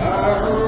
أعوذ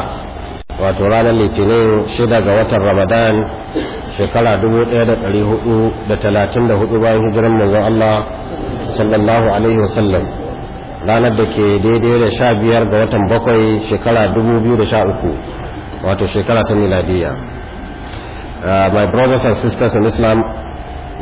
wato ranar litinin shida ga watan ramadan shekara 1434 bayan hijiran manzon Allah sallallahu alaihi wasallam ranar da ke daidai da sha biyar ga watan bakwai shekara 2013 wato shekara ta miladiya uh, my brothers and sisters in islam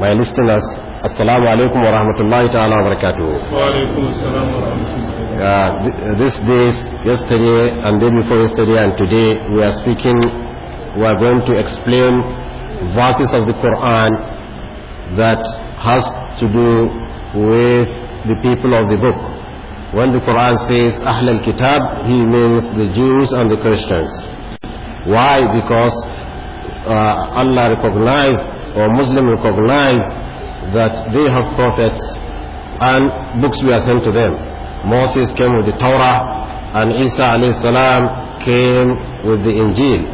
my listeners assalamu alaikum wa rahmatullahi ta'ala wa barakatuhu wa alaikum assalam wa rahmatullahi Uh, this days, yesterday and day before yesterday and today, we are speaking, we are going to explain verses of the Quran that has to do with the people of the book. When the Quran says Ahl al-Kitab, he means the Jews and the Christians. Why? Because uh, Allah recognized or Muslim recognized that they have prophets and books were sent to them. Moses came with the Torah and Isa alayhi came with the Injil.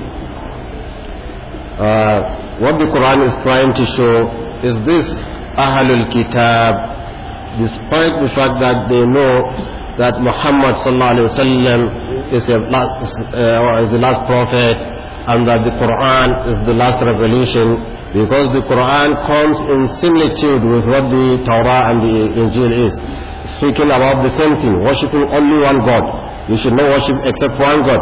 Uh, what the Quran is trying to show is this Ahlul Kitab, despite the fact that they know that Muhammad وسلم, is, uh, is the last prophet and that the Quran is the last revelation, because the Quran comes in similitude with what the Torah and the Injil is speaking about the same thing, worshipping only one God. You should not worship except one God.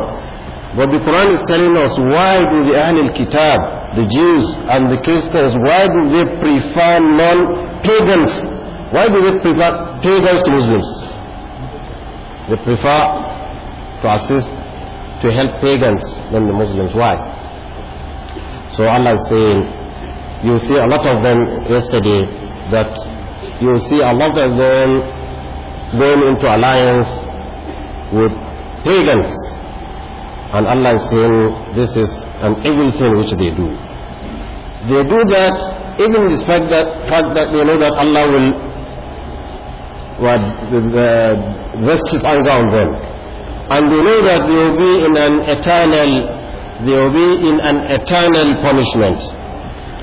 But the Quran is telling us why do the Ahlul Kitab, the Jews and the Christians, why do they prefer non-pagans? Why do they prefer pagans to Muslims? They prefer to assist, to help pagans than the Muslims. Why? So Allah is saying, you see a lot of them yesterday that you see a lot of them them into alliance with pagans. And Allah is saying this is an evil thing which they do. They do that even despite the fact that they know that Allah will rest His anger on them. And they know that they will be in an eternal, they will be in an eternal punishment.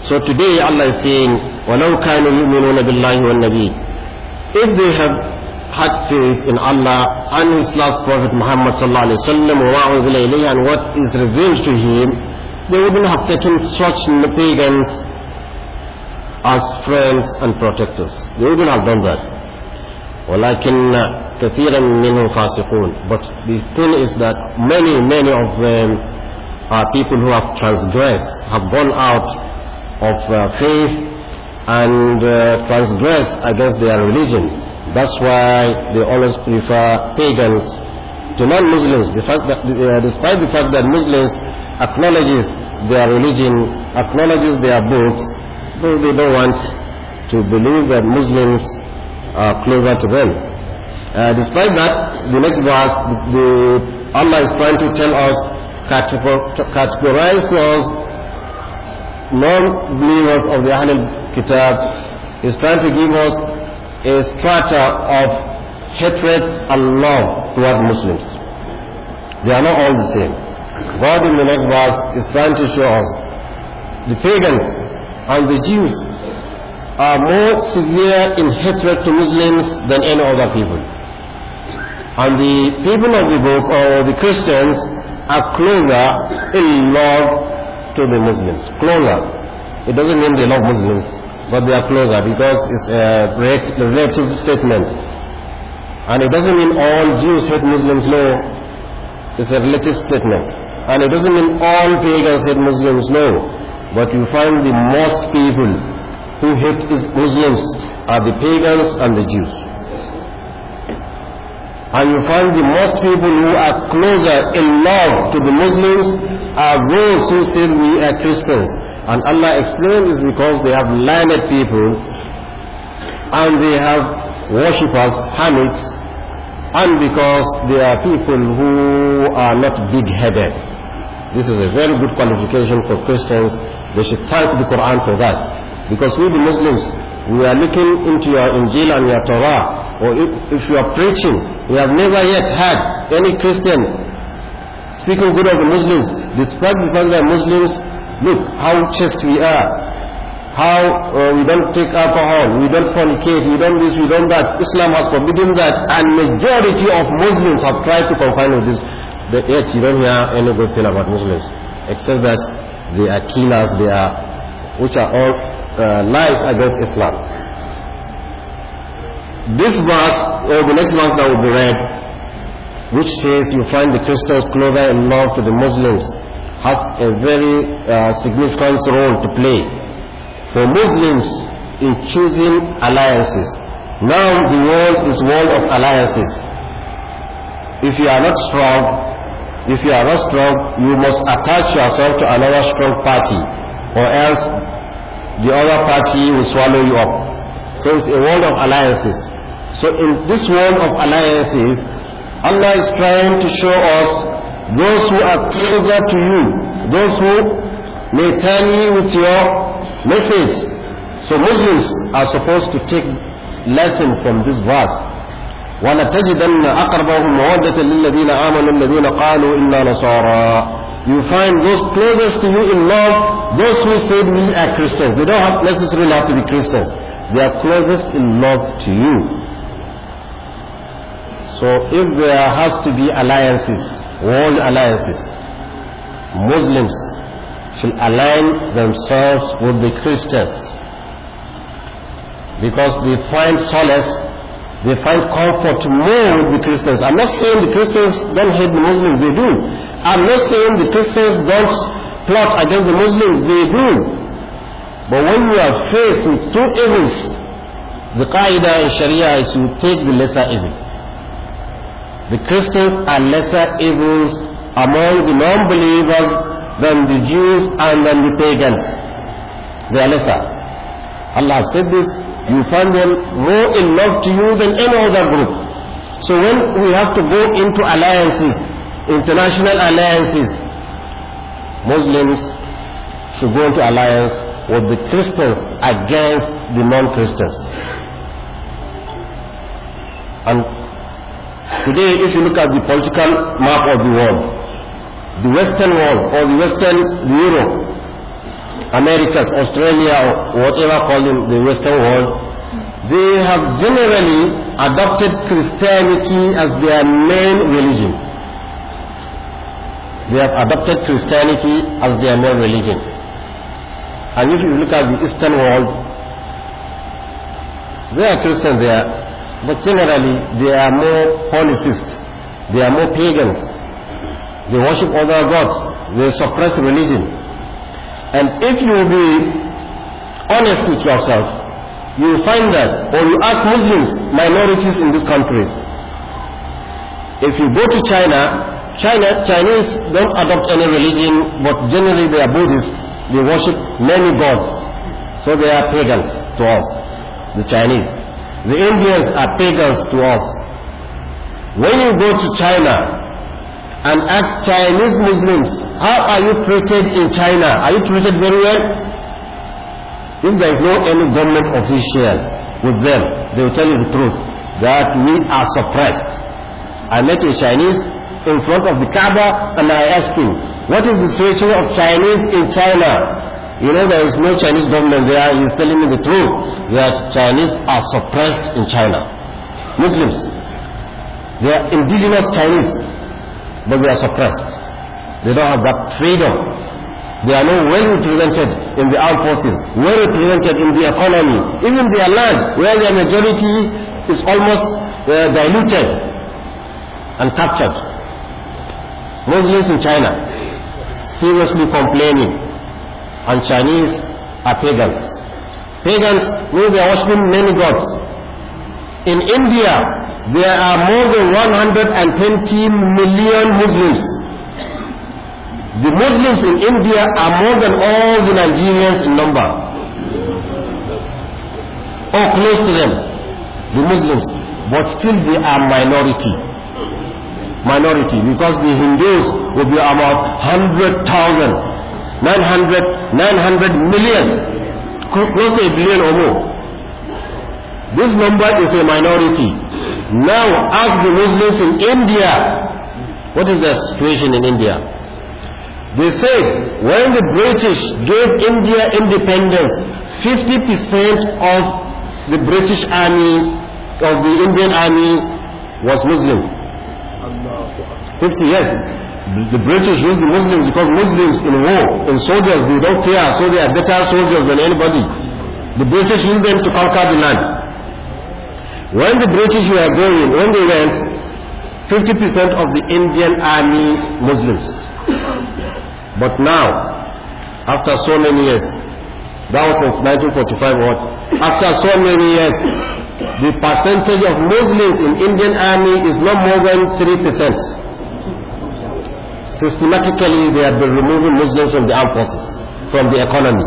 So today Allah is saying, وَلَوْ كَانُوا يُؤْمِنُونَ بِاللَّهِ وَالنَّبِيِّ If they have had faith in Allah and his last prophet Muhammad sallallahu alaihi wasallam and what is revealed to him, they wouldn't have taken such pagans as friends and protectors. They wouldn't have done that. ولكن كثيرا منهم فاسقون but the thing is that many many of them are people who have transgressed have gone out of uh, faith and uh, transgressed against their religion that's why they always prefer pagans to non-Muslims. The fact that, uh, despite the fact that Muslims acknowledges their religion, acknowledges their books, but they don't want to believe that Muslims are closer to them. Uh, despite that, the next verse, the, Allah is trying to tell us, categorize to us non-believers of the Ahlul Kitab. He's trying to give us a strata of hatred and love toward Muslims. They are not all the same. God in the next verse is trying to show us the pagans and the Jews are more severe in hatred to Muslims than any other people. And the people of the book or the Christians are closer in love to the Muslims. Closer. It doesn't mean they love Muslims. but they are closer because it's a relative statement. And it doesn't mean all Jews hate Muslims, no. It's a relative statement. And it doesn't mean all pagans hate Muslims, no. But you find the most people who hate Muslims are the pagans and the Jews. And you find the most people who are closer in love to the Muslims are those who say we are Christians. And Allah explains this because they have learned people and they have worshippers, hermits, and because they are people who are not big headed. This is a very good qualification for Christians. They should thank the Quran for that. Because we, the Muslims, we are looking into your Injil and your Torah, or if, if you are preaching, we have never yet had any Christian speaking good of the Muslims, despite the fact that Muslims Look how chaste we are. How uh, we don't take alcohol, we don't fornicate, we don't this, we don't that. Islam has forbidden that, and majority of Muslims have tried to confine with this. But yet you don't hear any good thing about Muslims, except that they are killers, they are, which are all uh, lies against Islam this verse or the next verse that will be read which says you find the Christians closer in love to the Muslims has a very uh, significant role to play for Muslims in choosing alliances. Now the world is world of alliances. If you are not strong, if you are not strong, you must attach yourself to another strong party, or else the other party will swallow you up. So it's a world of alliances. So in this world of alliances, Allah is trying to show us those who are closer to you, those who may turn you with your message. So Muslims are supposed to take lesson from this verse. ولتجدن أقربهم مودة للذين آمنوا الذين قالوا إنا نصارى You find those closest to you in love, those who said we are Christians. They don't have necessarily have to be Christians. They are closest in love to you. So if there has to be alliances, world alliances, Muslims should align themselves with the Christians because they find solace, they find comfort more with the Christians. I'm not saying the Christians don't hate the Muslims, they do. I'm not saying the Christians don't plot against the Muslims, they do. But when you are faced with two evils, the Qaeda in Sharia is you take the lesser evil. The Christians are lesser evils among the non-believers than the Jews and than the pagans. They are lesser. Allah said this, you find them more in love to you than any other group. So when we have to go into alliances, international alliances, Muslims should go into alliance with the Christians against the non-Christians. And Today, if you look at the political map of the world, the Western world or the Western Europe, Americas, Australia, or whatever call them the Western world, they have generally adopted Christianity as their main religion. They have adopted Christianity as their main religion. And if you look at the Eastern world, they are Christians there, But generally, they are more polytheists. They are more pagans. They worship other gods. They suppress religion. And if you be honest with yourself, you will find that, or you ask Muslims, minorities in these countries. If you go to China, China Chinese don't adopt any religion, but generally they are Buddhists. They worship many gods. So they are pagans to us, the Chinese. The Indians are pagans to us. When you go to China and ask Chinese Muslims, how are you treated in China? Are you treated very well? If there is no any government official with them, they will tell you the truth that we are suppressed. I met a Chinese in front of the Kaaba and I asked him, what is the situation of Chinese in China? You know, there is no Chinese government there. He is telling me the truth that Chinese are suppressed in China. Muslims, they are indigenous Chinese, but they are suppressed. They don't have that freedom. They are not well represented in the armed forces, well represented in the economy, even their land, where their majority is almost uh, diluted and captured. Muslims in China seriously complaining and Chinese are pagans. Pagans means they are worshipping many gods. In India, there are more than 120 million Muslims. The Muslims in India are more than all the Nigerians in number. Or close to them, the Muslims. But still they are minority. Minority, because the Hindus will be about 100,000 900, 900 million, close to a billion or more. This number is a minority. Now ask the Muslims in India, what is their situation in India? They said when the British gave India independence, 50% of the British army, of the Indian army was Muslim. 50 yes. The British used the Muslims because Muslims in war, in soldiers, they don't care, so they are better soldiers than anybody. The British used them to conquer the land. When the British were going, when they went, 50% of the Indian army Muslims. But now, after so many years, that was in 1945 what? After so many years, the percentage of Muslims in Indian army is no more than 3% systematically they have been removing Muslims from the armed forces, from the economy.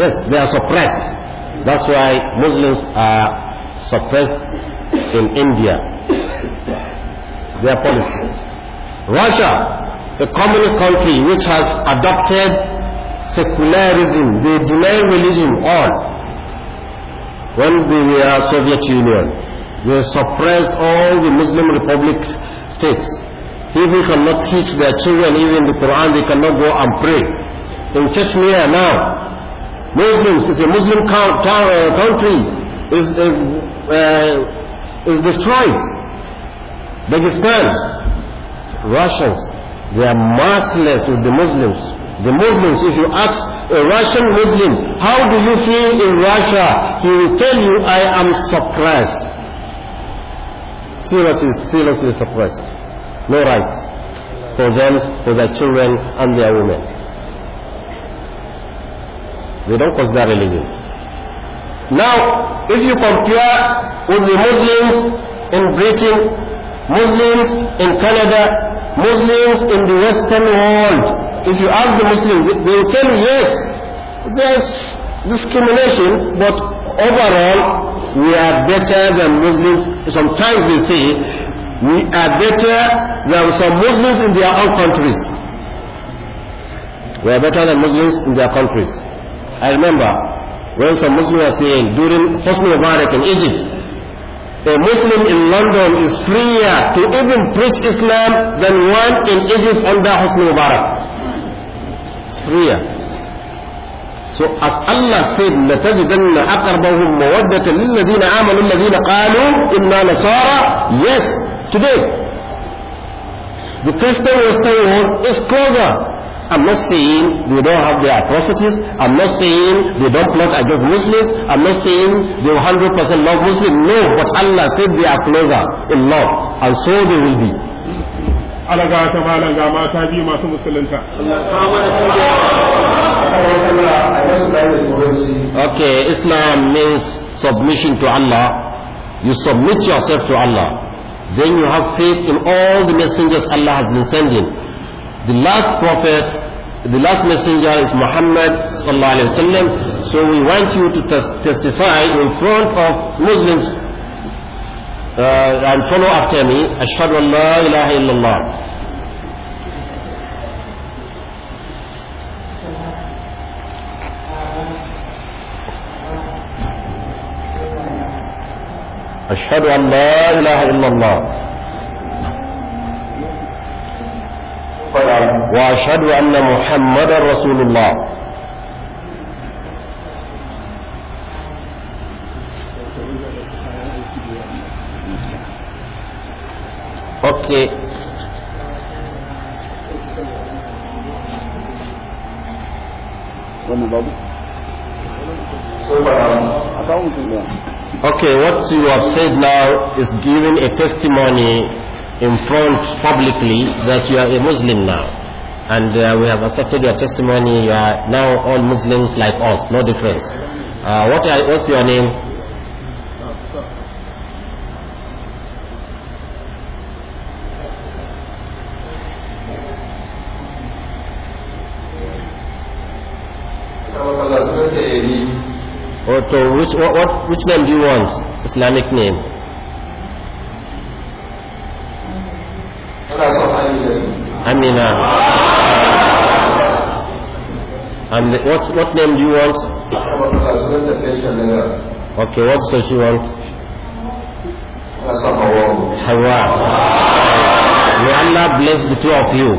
Yes, they are suppressed. That's why Muslims are suppressed in India. Their policies. Russia, a communist country which has adopted secularism, they deny religion all. When they were Soviet Union, they suppressed all the Muslim republic states he cannot teach their children even the Quran, they cannot go and pray. In Chechnya now, Muslims, it's a Muslim uh, country, is, is, uh, is destroyed. Dagestan, Russians, they are merciless with the Muslims. The Muslims, if you ask a Russian Muslim, how do you feel in Russia? He will tell you, I am suppressed. Seriously, seriously suppressed no rights for them, for their children and their women. They don't consider religion. Now, if you compare with the Muslims in Britain, Muslims in Canada, Muslims in the Western world, if you ask the Muslims, they will tell you yes, there's discrimination, but overall we are better than Muslims. Sometimes they say we are better than some Muslims in their own countries. We are better than Muslims in their countries. I remember when some Muslims were saying during Hosni Mubarak in Egypt, a Muslim in London is freer to even preach Islam than one in Egypt under Hosni Mubarak. It's freer. So as Allah said, لَتَجِدَنَّ أَقْرَبَهُمْ مَوَدَّةً لِلَّذِينَ آمَنُوا الَّذِينَ قَالُوا إِنَّا نَصَارَى Yes, today. The Christian Western world is closer. I'm not saying they don't have their atrocities. I'm not saying they don't plot against Muslims. I'm not saying they 100% love Muslims. No, but Allah said they are closer in love. And so they will be. Alaga ta malam ga mata biyu masu musulunta. Okay, Islam means submission to Allah. You submit yourself to Allah. then you have faith in all the messengers Allah has been sending. The last prophet, the last messenger is Muhammad wasallam. So we want you to tes testify in front of Muslims uh, and follow after me. Ashhadu an la ilaha illallah. أشهد أن لا إله إلا الله وأشهد أن محمدا رسول الله أوكي Vamos, vamos. Okay, what you have said now is giving a testimony in front publicly that you are a Muslim now. And uh, we have accepted your testimony. You are now all Muslims like us, no difference. Uh, what are, what's your name? So uh, which what, what which name do you want? Islamic name. Amina. Uh, and what's what name do you want? Okay, what does she want? Hawa. May Allah bless the two of you.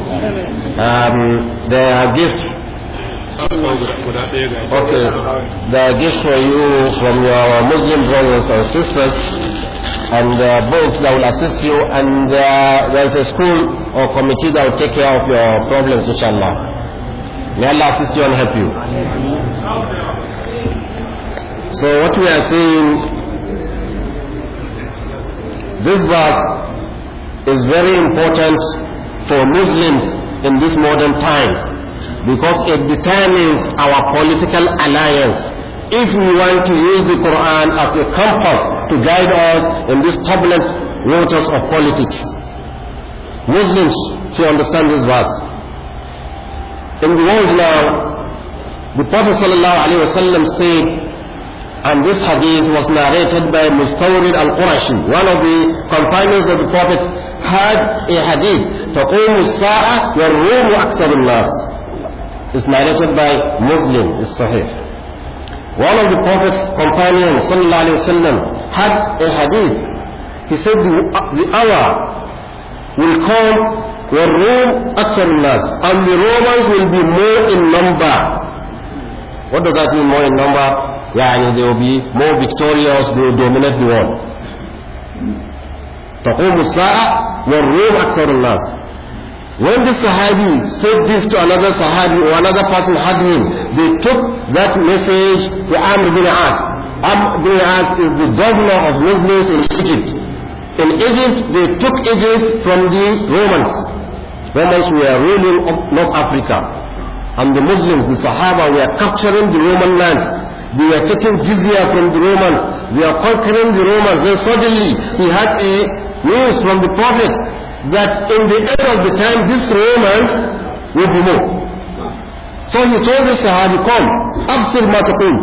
Um, the gift Okay. The gift for you from your Muslim brothers and sisters and the uh, books that will assist you and uh, there's a school or committee that will take care of your problems inshallah. May Allah assist you and help you. So what we are seeing, this verse is very important for Muslims in these modern times. because it determines our political alliance. If we want to use the Quran as a compass to guide us in these turbulent waters of politics, Muslims should understand this verse. In the world now, the Prophet ﷺ said, and this hadith was narrated by Mustawrid al-Qurashi, one of the companions of the Prophet, had a hadith, تقوم الساعة والروم أكثر الناس is narrated by Muslim, is Sahih. One of the Prophet's companions, sallallahu alayhi wasallam, had a hadith. He said, the, hour will come when Rome أكثر and the Romans will be more in number. What does that mean, more in number? يعني they will be more victorious, they will dominate the world. تقوم الساعة والروم أكثر الناس When the Sahabi said this to another Sahabi or another person had him, they took that message to Amr bin As. Amr bin As is the governor of Muslims in Egypt. In Egypt, they took Egypt from the Romans. Romans were ruling North Africa. And the Muslims, the Sahaba, were capturing the Roman lands they were taking jizya from the Romans, they are conquering the Romans. Then suddenly he had a news from the Prophet that in the end of the time these Romans will be more. So he told the Sahabi, come, Absil Matakum,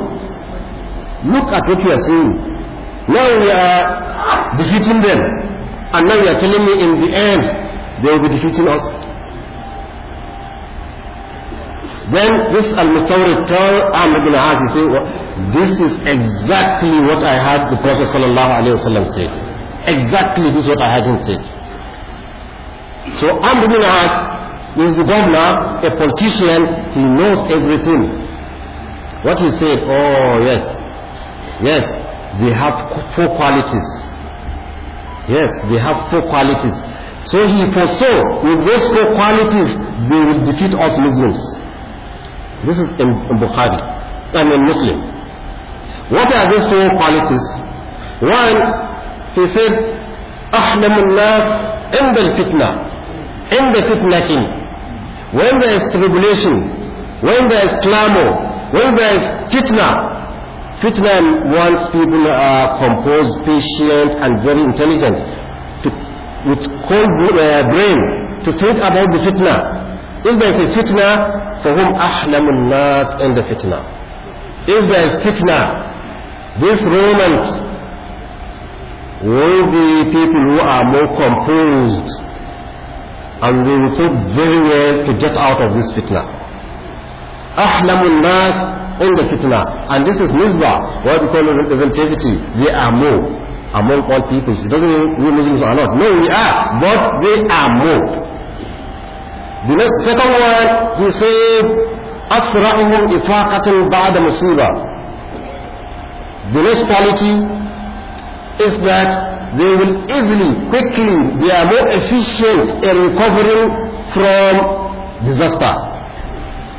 look at what you are saying. Now we are defeating them. And now you are telling me in the end they will be defeating us. Then this Al-Mustawrid told Amr ibn As, say said, this is exactly what I heard the Prophet sallallahu alayhi wa sallam said Exactly this is what I had him say. So Amr bin As is the governor, a politician, he knows everything. What he said, oh yes, yes, they have four qualities. Yes, they have four qualities. So he foresaw with those four qualities they will defeat us Muslims. This is in, Bukhari. I mean Muslim. What are these four qualities? One, he said, أحلم الناس عند الفتنة in the kidnapping, when there is tribulation, when there is clamor, when there is fitna, fitna wants people are composed, patient, and very intelligent, to, with cold uh, brain, to think about the fitna. If there is a fitna, for whom ahlamun nas in the fitna. If there is fitna, these Romans will be people who are more composed, and we will think very well to get out of this fitna. أحلم الناس in the fitna and this is nizba. what we call relativity they are more among all people. it doesn't mean we Muslims are not no we are but they are more the next second word, he said أسرعهم إفاقة بعد مصيبة the next quality is that they will easily, quickly, they are more efficient in recovering from disaster.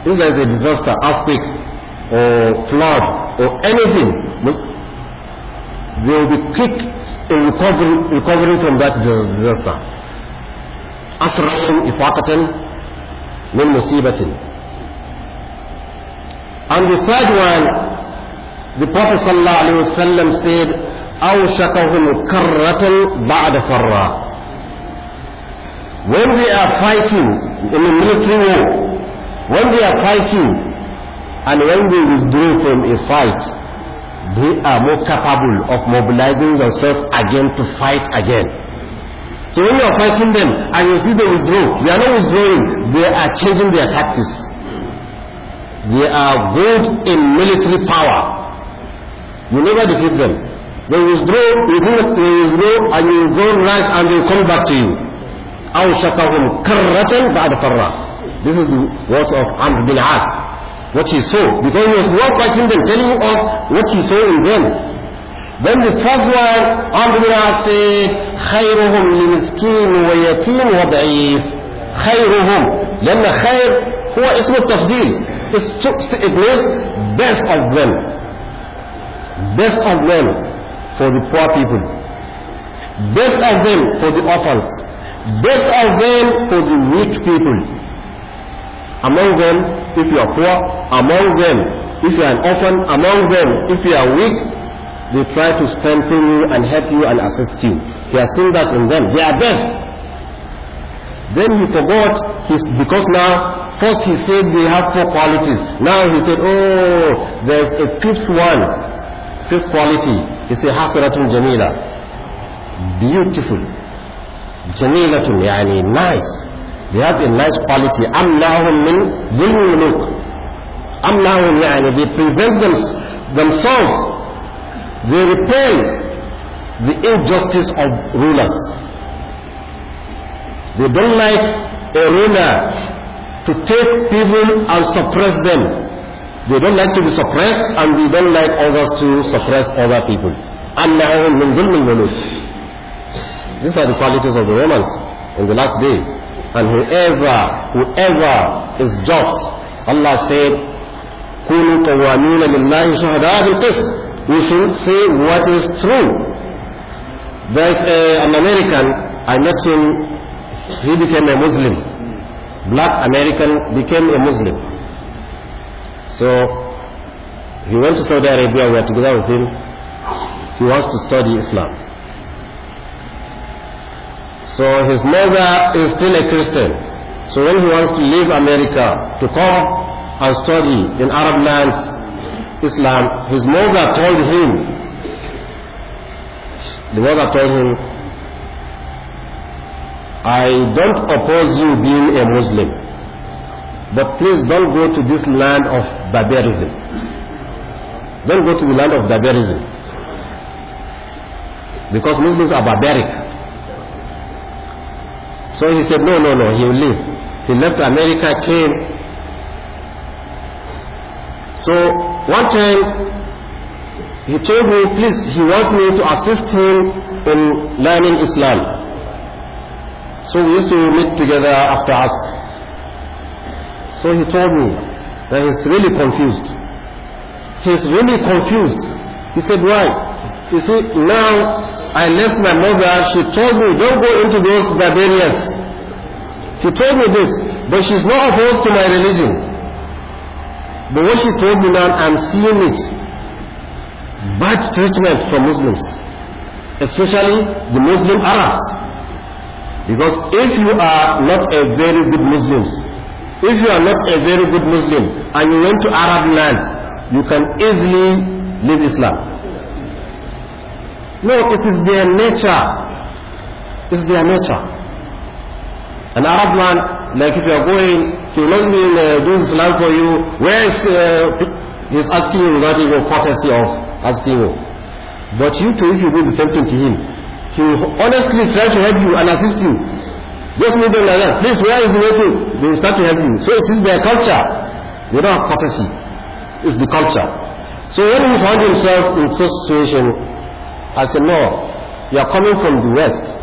If there is a disaster, earthquake, or flood, or anything, they will be quick in recovering, recovering from that disaster. أسرع إفاقة من مصيبة. And the third one, the Prophet ﷺ said, awshakahum كرة بعد farra when we are fighting in a military war when we are fighting and when we withdraw from a fight they are more capable of mobilizing themselves again to fight again so when you are fighting them and you see they withdraw they are not withdrawing they are changing their tactics they are good in military power you never defeat them They withdraw, they withdraw, and you go nice and they come back to you. أَوْشَكَهُمْ كَرَّةً بَعْدَ فَرَّةً This is the words of Amr bin As, what he saw. Because he was not fighting them, telling us what he saw in them. Then the first one, Amr bin As said, خَيْرُهُمْ لِمِسْكِينُ وَيَتِيمُ وَضَعِيفٍ خيرهم لأن خير هو اسم التفضيل it means best of them best of them for the poor people. Best of them for the orphans. Best of them for the weak people. Among them, if you are poor, among them, if you are an orphan, among them, if you are weak, they try to strengthen you and help you and assist you. He has seen that in them. They are best. Then he forgot his, because now, first he said they have four qualities. Now he said, oh, there's a fifth one fifth quality is a hasratun jamila beautiful jamilatun yani nice they have a nice quality amnahum min dhilmul mulk amnahum yani they prevent them, themselves they repel the injustice of rulers they don't like a ruler to take people and suppress them They don't like to be suppressed and they don't like others to suppress other people. And These are the qualities of the Romans in the last day. And whoever, whoever is just, Allah said, كُنُوا قَوَّامِينَ لِلَّهِ شُهَدَاءَ بِالْقِسْطِ We should say what is true. There's a, an American, I met him, he became a Muslim. Black American became a Muslim so he went to Saudi Arabia, we are together with him. He wants to study Islam. So his mother is still a Christian. So when he wants to leave America to come and study in Arab lands Islam, his mother told him, the mother told him, I don't oppose you being a Muslim. But please don't go to this land of barbarism. Don't go to the land of barbarism. Because Muslims are barbaric. So he said, no, no, no, he will leave. He left America, came. So one time he told me, please, he wants me to assist him in learning Islam. So we used to meet together after us. So he told me that he's really confused. He's really confused. He said, Why? You see, now I left my mother. She told me, Don't go into those barbarians. She told me this, but she's not opposed to my religion. But what she told me now, I'm seeing it. Bad treatment from Muslims, especially the Muslim Arabs. Because if you are not a very good Muslims, if you are not a very good Muslim and you went to Arab land, you can easily leave Islam. No, it is their nature. It's their nature. An Arab man, like if you are going to Muslim uh, doing Islam for you, where is uh, he's asking you without even courtesy of asking you. But you too, if you do the same thing to him, he will honestly try to help you and assist you. Just move them like that. Please, where is the way to? They start to help you. So it is their culture. They don't have courtesy. It's the culture. So when he found himself in such situation, I said, No, you are coming from the West.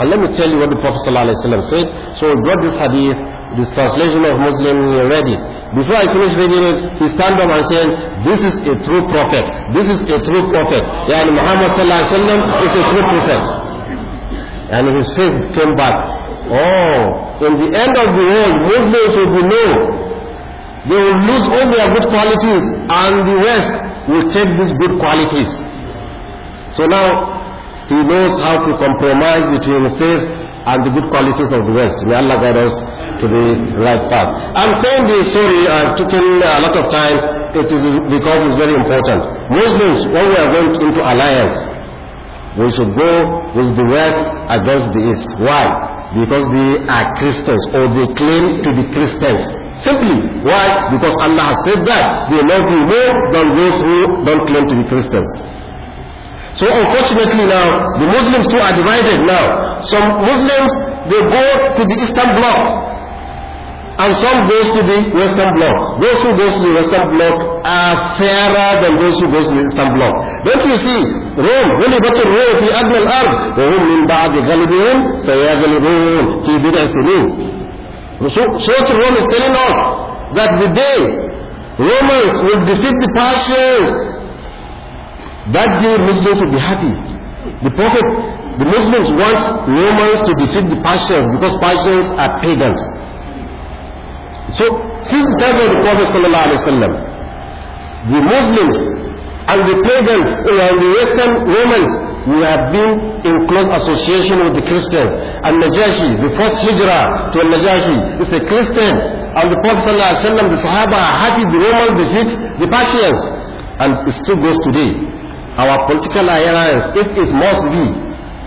And let me tell you what the Prophet ﷺ said. So he brought this hadith, this translation of Muslim, he read it. Before I finish reading it, he stand up and said, This is a true prophet. This is a true prophet. Yeah, and Muhammad ﷺ is a true prophet. And his faith came back. Oh, in the end of the world, Muslims will be low. They will lose all their good qualities, and the West will take these good qualities. So now, he knows how to compromise between faith and the good qualities of the West. May Allah guide us to the right path. I'm saying this, sorry, I've taken a lot of time. It is because it's very important. Muslims, when we are going into alliance, we should go with the west against the east. Why? Because they are Christians or they claim to be Christians. Simply, why? Because Allah has said that they love you more than those who don't claim to be Christians. So unfortunately now, the Muslims too are divided now. Some Muslims, they go to the Eastern Bloc And some goes to the Western Bloc. Those who goes to the Western Bloc are fairer than those who goes to the Eastern Bloc. Don't you see? Rome, really غلبت الروم في أدنى الأرض وهم من بعد غلبهم سيغلبون في بضع سنين. So, Church of Rome is telling us that the day Romans will defeat the Persians, that day Muslims will be happy. The Prophet, the Muslims want Romans to defeat the Persians because Persians are pagans. So, since the time of the Prophet ﷺ, the Muslims and the pagans and the Western Romans, we have been in close association with the Christians. And Najashi, the first hijrah to Najashi, is a Christian. And the Prophet ﷺ, the Sahaba are happy the Romans defeat the Persians. And it still goes today. Our political alliance, if it must be,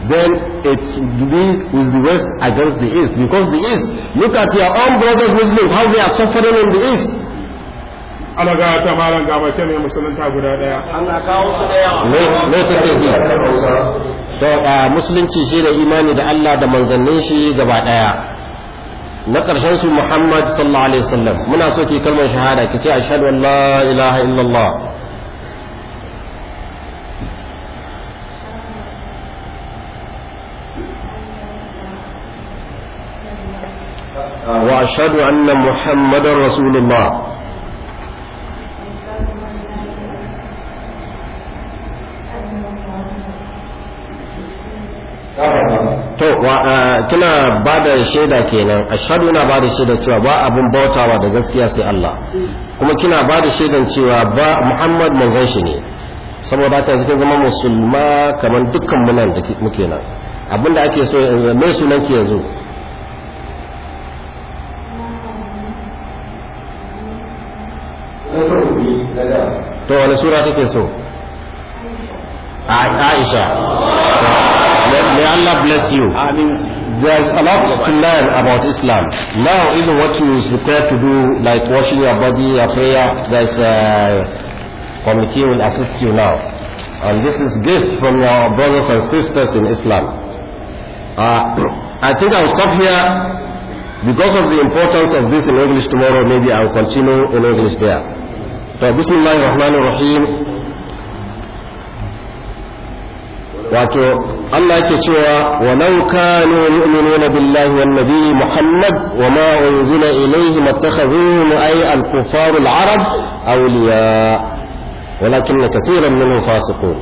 then it will be with the West against the East. Because the East, look at your own brothers Muslims, how they are suffering in the East. ana ga ta malam ga mace mai musulunta guda daya ana kawo su da yawa take ji to uh, musulunci shi da imani da Allah da manzannin shi gaba daya na ƙarshen su Muhammad sallallahu alaihi wasallam muna so ki kalmar shahada ki ce ashhadu an la ilaha illallah وأشهد أن محمدا رسول الله to kina ba da shaida kenan ashadu na ba da shaida cewa ba abun bautawa da gaskiya sai Allah kuma kina ba da shaidan cewa ba Muhammad manzon shi ne saboda haka zama musulma kamar dukkan munan da muke nan abinda ake so mai sunan ki yanzu to wani sura take so Aisha may Allah bless you there is a lot to learn about Islam now even what you is prepared to do like washing your body your prayer there is a committee will assist you now and this is gift from your brothers and sisters in Islam uh, I think I will stop here because of the importance of this in English tomorrow maybe I will continue in English there to bismillahir rahmanir rahim wato Allah ke cewa walau kanu yu'minuna billahi wan nabiy Muhammad wa ma unzila ilayhi mattakhadhuhum ay al-kuffar al-arab awliya walakin kathiran minhum fasiqun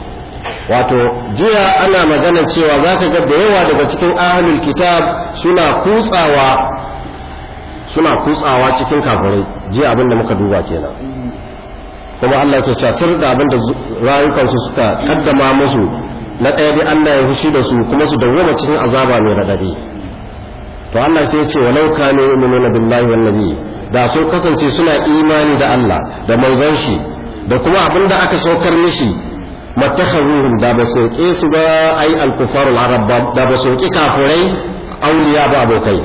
wato jiya ana magana cewa zaka ga da yawa daga cikin ahlul kitab suna kutsawa suna kutsawa cikin kafirai jiya abinda muka duba kenan kuma Allah ke cacar da abin da rayukansu suka kaddama musu na ɗaya dai Allah ya fushi da su kuma su dawwama cikin azaba mai radadi to Allah sai ya ce walau kanu yu'minuna billahi wan nabi da sun kasance suna imani da Allah da manzon shi da kuma abin da aka saukar mishi matakharuhum da ba su su ba ai al-kufaru arab da ba su kafirai auliya ba abokai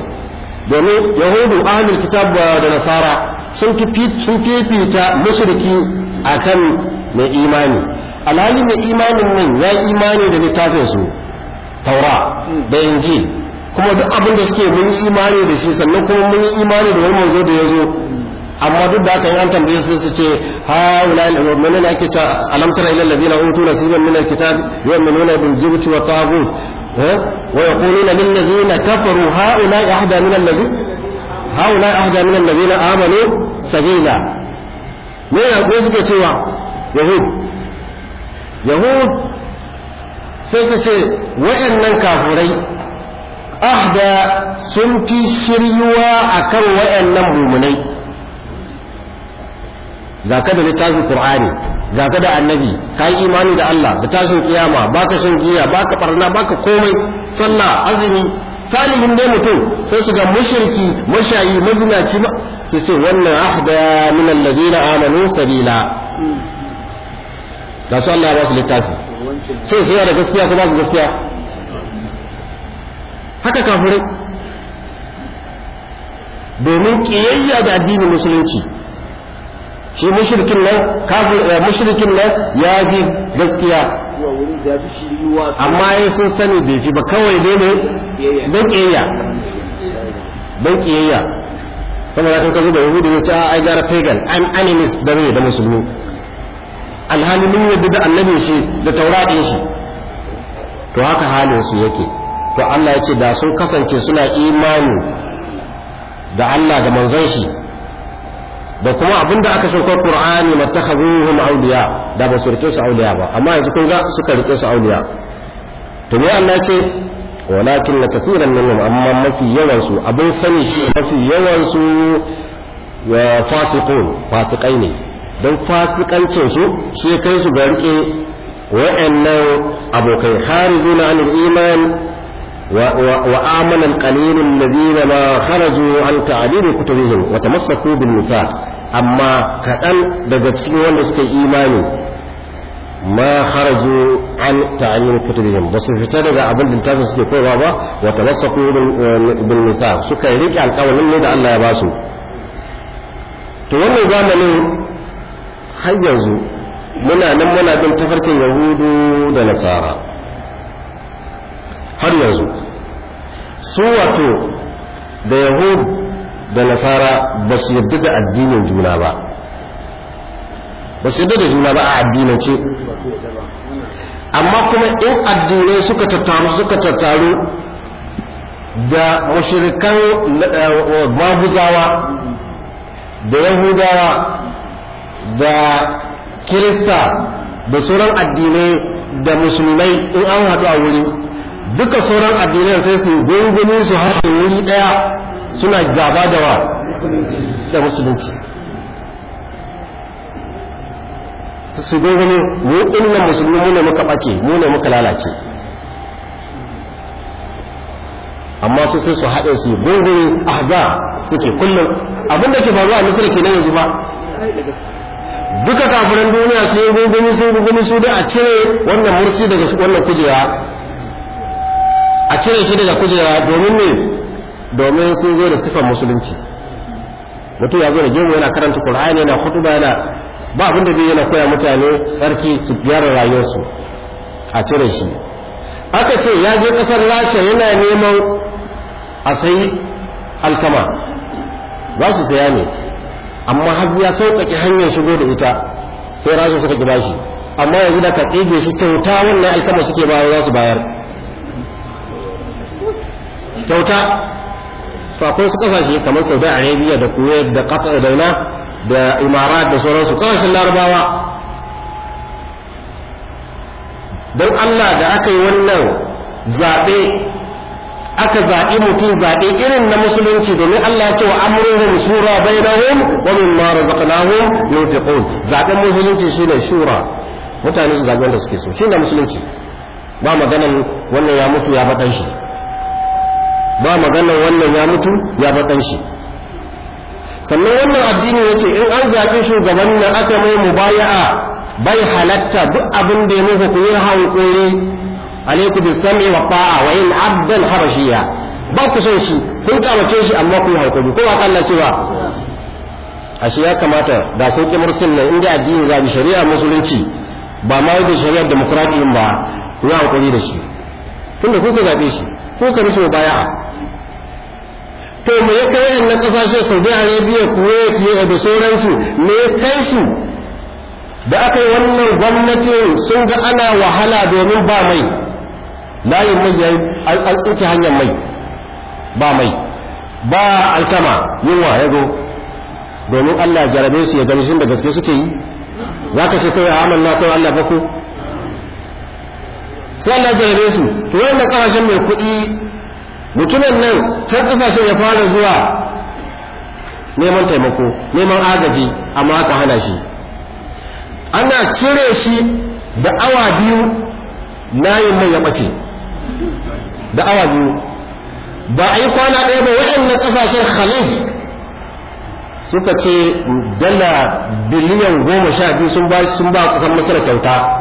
domin yahudu ahlul kitab da nasara sun fifita mushriki akan mai imani alhali mai imanin nan ya yi imani da littafin su taura da injil kuma duk abin da suke mun yi imani da shi sannan kuma mun yi imani da wani manzo da ya zo amma duk da aka yi an tambaye su su ce ha ulai ne ake ta alam tara ila alladhina utu nasiban min alkitab yu'minuna bil jibti wa taghut eh, wa yaquluna lil ladhina kafaru ha ulai ahda min alladhi ha ulai ahda min alladhina amanu sabila me yaƙo suke cewa yahud yahud sai su ce wa'annan kafurai ahda sun fi shiryuwa akan wa'annan mummunai. za ka da littafin Kur'ani za ka da annabi ka yi imani da Allah da tashin kiyama baka shan giya baka barna baka komai sallah azumi salihin dai mutum sai su ga mashirki mashayi mazinaci su ce wannan ahda min alladhina amanu sabila ga su Allah ba su littafi sai su da gaskiya Kuma ba su gaskiya haka kafirai domin kiyayya da addinin musulunci shi mushrikin nan eh, mushrikin nan ya fi gaskiya amma ya sun sani bai fi ba kawai dai ne don kiyayya don kiyayya saboda kan kazo da yahudi ne ta ai gara pagan an animist da ne da musulmi alhali mun yadda da annabi shi da taurati shi to haka halin su yake to Allah yace da sun kasance suna imani da Allah da manzon shi da kuma abinda aka saukar Qur'ani mattakhazuhum awliya da ba su rike su awliya ba amma yanzu kun ga suka rike su awliya to me Allah ya walakin na kasiran minhum amma mafi yawansu abin sani shi mafi yawansu wa fasiqun fasikai ne don fasikancin su shi kai su ga rike wa'annan abokai kharijuna anil iman wa amana alqalil alladhina ma kharaju an ta'lil kutubihim wa tamassaku bin nifaq amma kadan daga cikin wanda suka imani ma kharaju an ta'yin kutubihim ba su fita daga abin da tafi suke koyarwa ba wa tawassaku bil mithaq suka rike alƙawarin ne da Allah ya ba su to wannan zamanin har yanzu muna nan muna bin tafarkin yahudu da nasara har yanzu su wato da yahudu da nasara ba su yarda da addinin juna ba ba su yarda da juna ba a addinance amma kuma in addinai suka tattaru suka tattaru da mushrikan eh, maguzawa da yahudawa da kirista da sauran addinai da musulmai in an haɗu a wuri duka sauran addinai sai su gungumin su haɗu wuri ɗaya suna gaba da wa da musulunci su don gani mu inna musulmi mu ne muka bace mu ne muka lalace amma su sai su haɗe su gungun ahza suke kullum abinda ke faruwa a misira kenan yanzu ba duka kafiran duniya sun yi su sun gungumi su dai a cire wannan mursi daga wannan kujera a cire shi daga kujera domin ne domin sun zo da sifar musulunci mutum ya zo da gemu yana karanta qur'ani yana hutuba yana ba abin da yana koya mutane tsarki su gyara rayuwarsu a cire shi aka ce ya je kasar rasha yana neman a sai alkama ba su saya ne amma har ya sauƙaƙe hanyar shigo da ita sai rasha suka ki bashi amma yanzu da ka tsige shi kyauta wannan alkama suke bayar za su bayar kyauta to su kasashe kamar saudi arabia da kuwait da ƙafa da dauna da imarat da sauransu kasashen larabawa don allah da aka yi wannan zaɓe aka zaɓi mutum zaɓe irin na musulunci domin Allah ya ce wa amruhum shura bainahum wa yau fi yunfiqun zaɓen musulunci shi ne shura mutane su zaɓi wanda suke so shi ne musulunci ba maganan wannan ya mutu ya baɗan shi ba maganan wannan ya mutu ya baɗan shi sannan wannan addini yace in an zaɓi shugaban nan aka mai mubaya'a bai halatta duk abin da ya muku ku yi hankuri alaiku bi sam'i wa ta'a wa in abdan habashiya ba ku son shi kun kamace shi amma ku yi hankuri ko ba Allah ce ba ashe ya kamata da sun ki mursin nan inda addini zabi shari'a musulunci ba ma da shari'ar demokratiyin ba ku yi hankuri da shi tunda kuka zaɓe shi kuka rushe mubaya'a to me ya kai wayannan kasashe saudi arabia kuwait da sauransu me ya kai su da aka yi wannan gwamnatin sun ga ana wahala domin ba mai layin mai an tsinke hanyar mai ba mai ba alkama yunwa ya zo domin allah jarabe su ya gani da gaske suke yi za ka kai kawai amanna kawai allah baku? sai allah jarabe su to wayannan kasashen mai kuɗi mutumin nan can kasashen ya fara zuwa neman taimako neman agaji amma aka hana shi ana cire shi da awa biyu na yin mai ya ɓace da awa biyu ba a yi kwana ɗaya ba waɗannan ƙasashen khalif suka ce dala biliyan goma sha biyu sun ba su ba ƙasar masar kyauta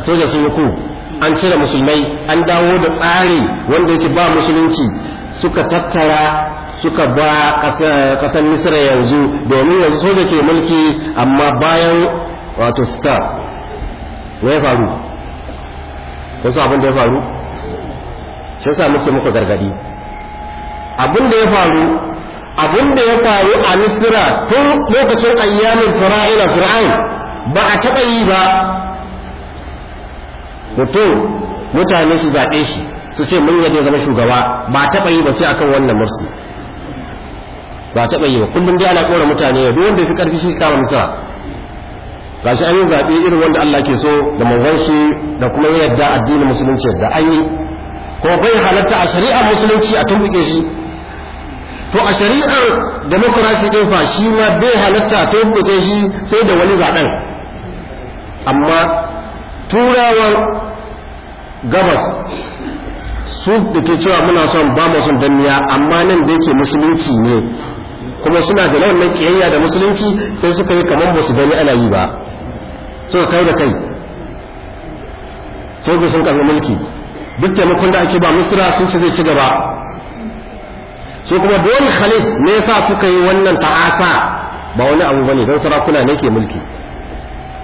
soja sun yi ku an cire musulmai an dawo da tsari wanda yake ba musulunci suka tattara suka ba kasar misira yanzu domin yanzu da ke mulki amma bayan wato star me ya faru wasu abin da ya faru sai sa muke muka gargadi abin da ya faru abin da ya faru a misira tun lokacin ayyamin fir'aina fir'ain ba a taɓa yi ba mutum mutane su zaɓe shi su ce mun yadda zama shugaba ba taɓa yi ba sai akan wannan mursi ba taɓa yi ba kullum dai ana ƙora mutane ya wanda ya fi ƙarfi shi kama misra shi an yi zaɓe irin wanda Allah ke so da manzon shi da kuma yadda addinin musulunci da an yi ko bai halatta a shari'ar musulunci a tumbuke shi to a shari'ar demokrasi ɗin fa shi ma bai halatta a tumbuke shi sai da wani zaɓen amma turawan gabas su da ke cewa muna son ba mu son danniya amma nan da yake musulunci ne kuma suna da wannan kiyayya da musulunci sai suka yi kamar ba su gani ana yi ba suka kai da kai sai sun karɓi mulki duk taimakon da ake ba misra sun ce zai ci gaba shi kuma dole khalif me yasa suka yi wannan ta'asa ba wani abu bane dan sarakuna ne ke mulki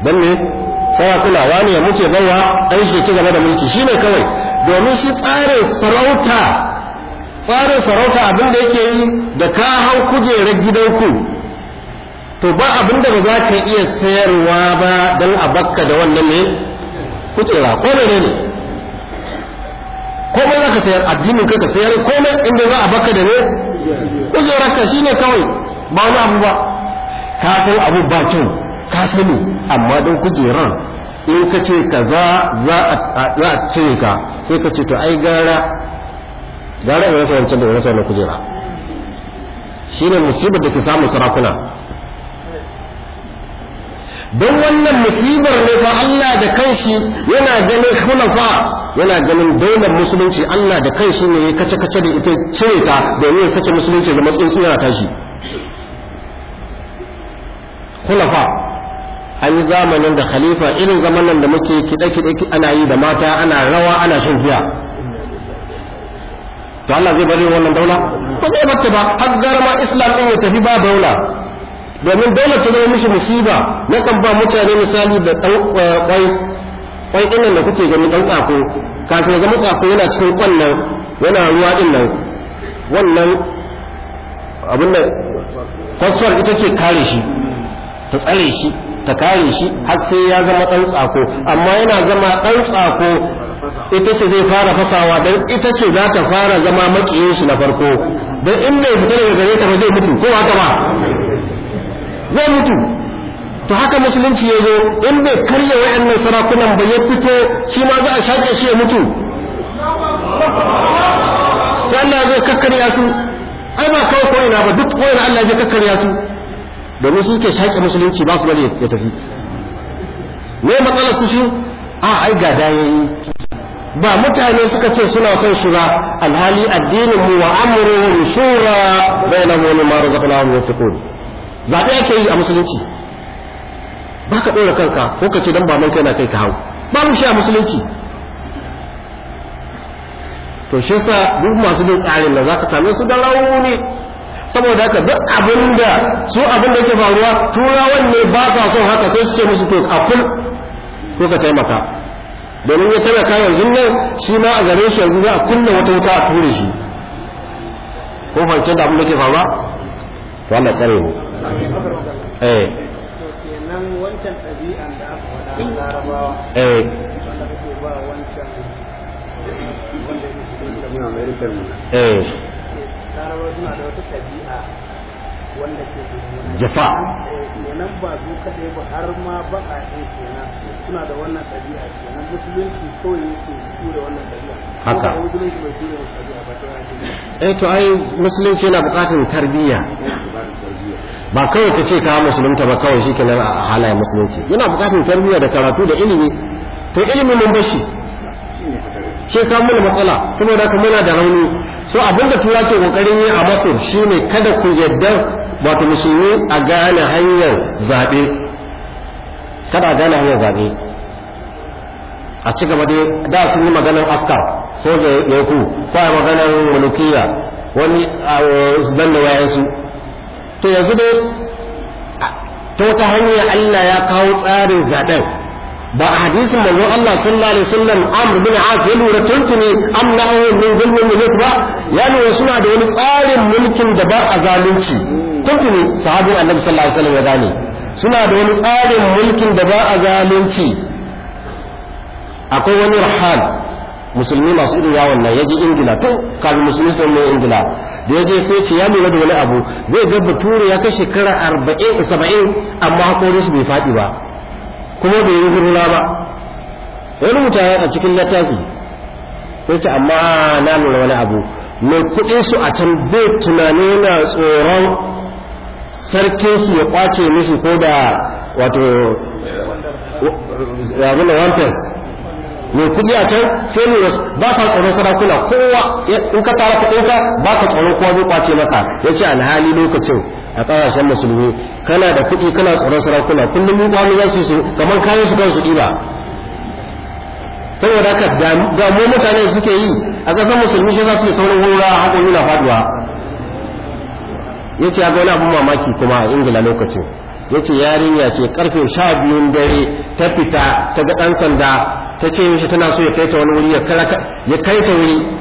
dan ne sarakuna wani ya muke bawa an shi ci gaba da mulki shi ne kawai domin shi tsarin sarauta tsarin sarauta abin da yake yi da ka hau kujerar gidanku to ba abin da ba za ka iya sayarwa ba don a bakka da wannan ne kujera ko ne ne komai za ka sayar addinin ka sayar komai inda za a baka da ne shi ne kawai ba wani abu ba ka san abu ba kyau ka sani amma don kujerar in ka ce ka za a cire ka sai ka ce to ai gara gara in rasa wancan da in rasa wannan kujera shi ne musibar da ke samun sarakuna don wannan musibar ne fa Allah da kanshi yana ganin hulafa yana ganin daular musulunci Allah da kanshi shi ne ya kace kace da ita cire ta domin ya sace musulunci da matsayin tsira tashi hulafa an yi zamanin da khalifa irin zaman nan da muke kiɗe-kiɗe ana yi da mata ana rawa ana shan giya to Allah zai bari wannan daula ba zai bata ba har garma islam ɗin ya tafi ba daula domin daula ta zama mishi musiba na kan ba mutane misali da dan kwai eh, ɗin da kuke gani dan tsako kafin zama tsako yana cikin ƙwan nan yana ruwa ɗin nan wannan abin da kwasfar ita ce kare shi ta tsare shi ta kare shi har sai ya zama ɗan tsako amma yana zama ɗan tsako ita ce zai fara fasawa don ita ce za ta fara zama makiyin shi na farko don inda ya fita daga gare ta ba zai mutu ko haka ba zai mutu to haka musulunci ya zo in bai karya wayannan sarakunan ba ya fito shi ma za a shaƙe shi ya mutu sai zai kakkarya su ai ba kawai ko ina ba duk ko ina Allah zai kakkarya su domin su ke shaƙe musulunci ba su bari ya tafi me matsalar su shi a ai ga dayayi ba mutane suka ce suna son shiga ba alhali addinin mu wa amruhum shura bainahum wa mimma razaqnahum yunfiqun Zaɓe ake yi a musulunci ba ka ɗora kanka ko ka ce dan baban kai na kai ka hau mu shi a musulunci to shi yasa duk masu bin tsarin nan zaka same su da rauni saboda haka duk abinda su abinda yake faruwa turawan ne ba sa son haka sai su ce musu to kafin ko ka taimaka domin ya taimaka yanzu nan shi ma a gare shi yanzu za a kunna wata wuta a ture shi ko fahimtar da abin da ke faruwa to Allah tsare mu eh wancan da aka faɗa na larabawa eh wanda kake ba wancan wanda yake cikin eh jafa eh, a kenan suna kawai haka musulunci eh, to ai musulunci yana buƙatar tarbiyya ba kawai ka ce ka musulunta ba kawai shi nan a halayen musulunci yana buƙatar tarbiyya da karatu da ilimi to ilimin mun bashi shi ka mana matsala saboda ka muna da rauni so abinda tura ke kokarin yi a shi shine kada ku yadda wato musulmi a gane hanyar zaɓe kada a gane hanyar zaɓe a ci gaba da da sun yi maganar askar soja ya ku ko a maganar mulukiya wani a da danna su? to yanzu dai ta wata hanya Allah ya kawo tsarin zaɓen ba a hadisin manzon Allah sallallahu alaihi wasallam Amr bin As ya lura tuntuni amnahu min zulmin mulk ba ya lura suna da wani tsarin mulkin da ba a zalunci tuntuni sahabin Annabi sallallahu alaihi wasallam ya gane suna da wani tsarin mulkin da ba a zalunci akwai wani rahal musulmi masu irin yawon nan ya ingila tun kafin musulmi sun mai ingila da ya je sai ce ya lura da wani abu zai ga bature ya kashe shekara arba'in saba'in amma hakorin su bai faɗi ba kuma bai yi hurra ba wani mutane a cikin littafi sai ce amma na nuna wani abu mai kuɗin su a can bai tunani na tsoron sarkin su ya kwace mishi ko da wato abin da wampers mai kuɗi a can sai ne ba ka tsoron sarakuna kowa in ka tara kuɗinka ba ka tsoron kowa zai kwace maka ya ce alhali lokacin a ƙasashen musulmi kana da kuɗi kana tsoron sarakuna kullum mu kwanu za su su kamar kayan su kansu ɗiba saboda haka ga mutane suke yi a ƙasar musulmi shi za su yi saurin wura haƙoƙi na faduwa ce ga wani abin mamaki kuma a ingila lokacin ya yace yarinya ce karfe sha biyun dare ta fita ta ga ɗan sanda ta ce mishi tana so ya kai ta wani wuri ya kai ta wuri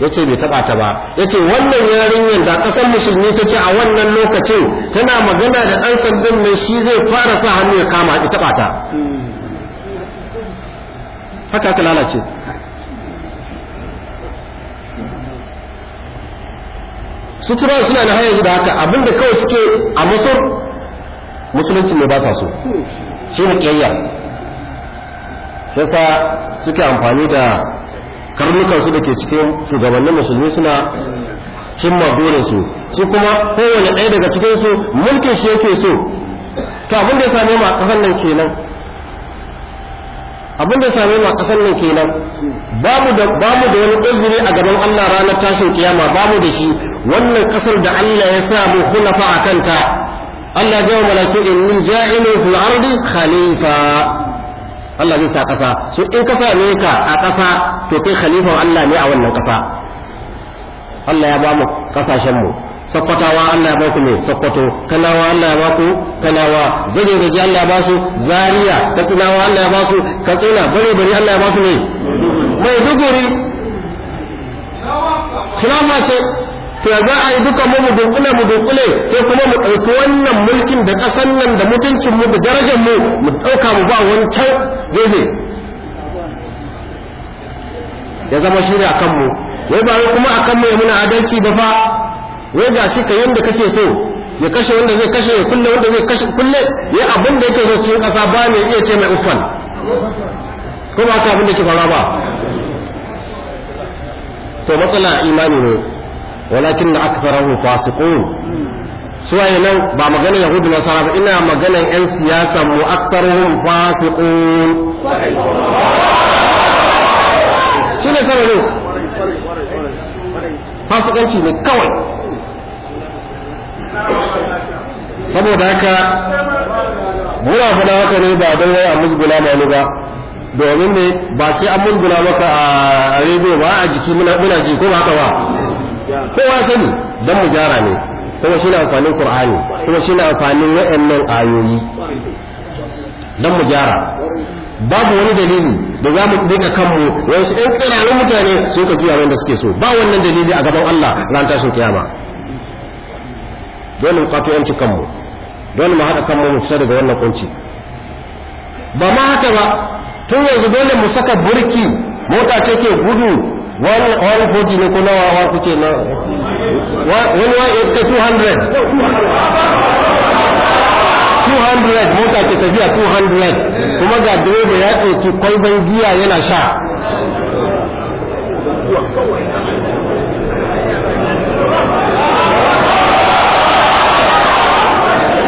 yace bai taba ta ba yace wannan yarinyar da kasar musulmi take a wannan lokacin tana magana da dan sandan mai shi zai fara sa hannu ya kama ya taba ta haka ka lalace sutura suna na hanyar da haka abinda kawai suke a musur musulunci ne ba sa so shi ne kiyayya sai sa suke amfani da karnukan su da ke cikin shugabannin musulmi suna cimma dole su su kuma kowane ɗaya daga cikin su mulkin shi yake so to abin da ya same mu a ƙasar nan kenan abin da ya same mu ƙasar nan kenan babu da wani uzuri a gaban Allah ranar tashin kiyama babu da shi wannan ƙasar da Allah ya sa mu hulafa a kanta Allah ya ga mala'iku inni ja'ilu fil ardi khalifa Allah zai sa ƙasa so in ka same ka a ƙasa to kai khalifan Allah ne a wannan ƙasa Allah ya ba mu ƙasashen mu sakkwatawa Allah ya ba ku ne sakkwato kanawa Allah ya ba ku kanawa zage zage Allah ya ba su zaria katsinawa Allah ya ba su katsina bare bare Allah ya ba su ne mai duguri khilafa ce to za a yi duka mu dunkule mu dunkule sai kuma mu ɗauki wannan mulkin da ƙasan nan da mutuncin mu da darajar mu mu ɗauka mu ba wancan gefe ya zama shiri a kanmu wai ba kuma a kanmu ya muna adalci ba fa wai ga shi ka yanda kake so ya kashe wanda zai kashe ya kulle wanda zai kashe kulle ya abin da yake so cikin ƙasa ba mai iya ce mai uffan ko ba ka abin da ke fara ba to matsala imani ne walakin na su fasiqun suwaye nan ba magana yahudu na ba ina magana yan siyasa mu Su fasiqun shi ne sarari fasikanci ne kawai saboda haka muna faɗa haka ne ba don wai a musgula mai ba domin ne ba sai an mulgula maka a rediyo ba a jiki muna ji ba haka ba kowa sani dan mu gyara ne kuma shi na amfanin qur'ani kuma shi na amfanin wa'annan ayoyi dan mu gyara babu wani dalili da za mu dinga kanmu wasu ɗan tsirarin mutane sun ka juya wanda suke so ba wannan dalili a gaban Allah ran tashin kiyama dole mu kwato yanci kanmu dole mu haɗa kanmu mu fita daga wannan kunci ba ma haka ba tun yanzu dole mu saka burki mota ce ke gudu one wani ne ko nawa wa kuke na wani wa ya ce 200 200 mota ke tafiya 200 kuma ga direba ya ɗauki kwaiban giya yana sha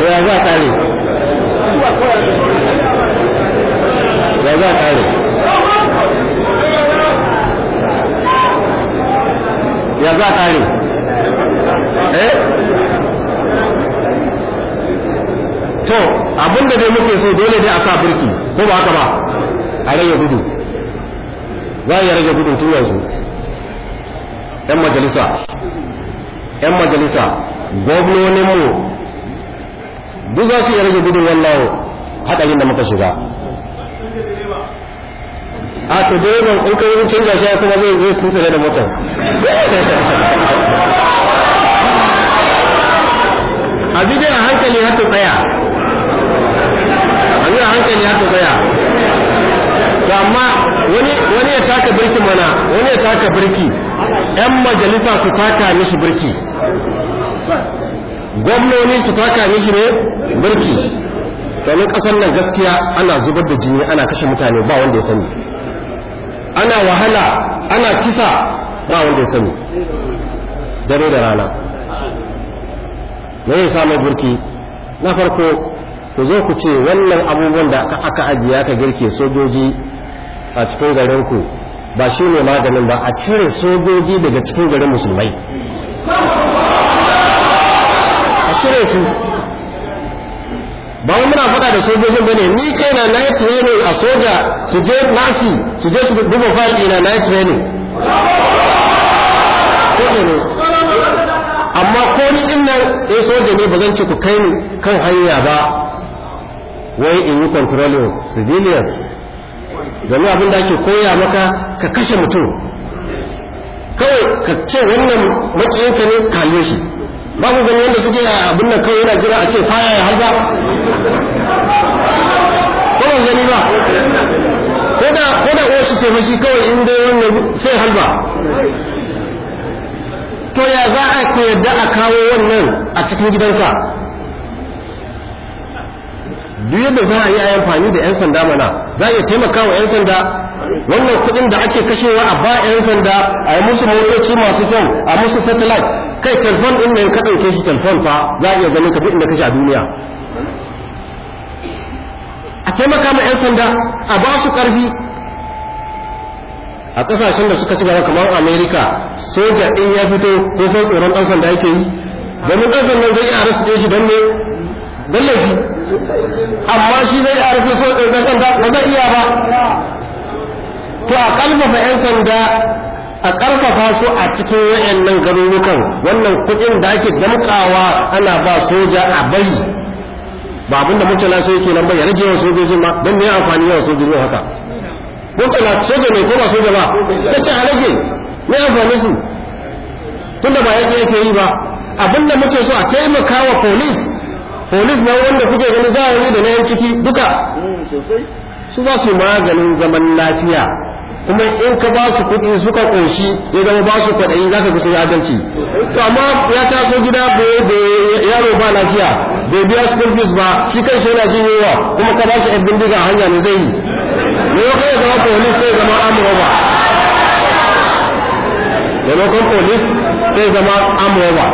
ya za kare ya za kare ya za kare eh to abinda dai muke so dole dai a sa birki ko ba haka ba a rage gudu za a rage gudun tun yanzu yan majalisa yan majalisa gwamnoninmu duk za su iya rage gudun wannan haɗarin da muka shiga a to direban in ka yi canza shi kuma zai zai tsuntsire da motar a bi hankali har ta tsaya a bi hankali har ta tsaya to amma wani wani ya taka birki mana wani ya taka birki yan majalisa su taka mishi birki gwamnoni su taka mishi ne birki domin ƙasar nan gaskiya ana zubar da jini ana kashe mutane ba wanda ya sani ana wahala ana kisa ba wanda ya sani dare da rana me yasa mai burki na farko ku zo ku ce wannan abubuwan da aka ajiya ka girke sojoji a cikin garin ku ba shi ne maganin ba a cire sojoji daga cikin garin musulmai a cire su ba wani muna faɗa da sojojin bane ni ke na night training a soja su je nafi su je su duba faɗi na na yi training amma ko ni din nan eh soja ne ba zan ce ku kai ni kan hanya ba wai in yi controlling civilians domin abin da ake koya maka ka kashe mutum kawai ka ce wannan makiyinka ne kalle shi babu gani wanda suke a abin da kawai yana jira a ce faya ya harba ko ban gani ba ko da ko da uwarsu ce mashi kawai in dai wannan sai halba to ya za a ku yadda a kawo wannan a cikin gidanka duk yadda za a yi a amfani da 'yan sanda mana za a iya taimaka wa 'yan sanda wannan kuɗin da ake kashewa a ba 'yan sanda a yi musu motoci masu kyau a musu satellite kai telefon din nan ka ɗauke shi telefon fa za a iya ganin ka duk inda kashe a duniya a taimaka ma 'yan sanda a ba su ƙarfi a kasashen da suka ci gaba kamar america soja din ya fito ko san tsoron ɗan sanda yake yi domin ɗan sanda zai iya arasa shi don ne don laifi amma shi zai iya arasa soja dan sanda ba zai iya ba to a kalfafa 'yan sanda a karfafa su a cikin wayannan garurukan wannan kudin da ake damkawa ana ba soja a bari ba abin da mutala so yake nan ba ya rage yawan sojojin ma don me amfani yawan sojoji haka mutala soja ne ko ba soja ba ta ce a rage me amfani su tunda ba yake yake yi ba abin da muke so a taimaka wa police police na wanda kuke gani za a yi da na yan ciki duka su za su maganin zaman lafiya kuma in ka ba su kuɗi suka ƙoshi ya zama ba su kwaɗayi za ka kusa adalci to amma ya taso gida yaro ba lafiya bai biya school fees ba shi kai shi yana jin yawa kuma ka ba shi yan bindiga hanya ne zai yi ne ya kai zama police sai zama amurwa maimakon police sai zama amurwa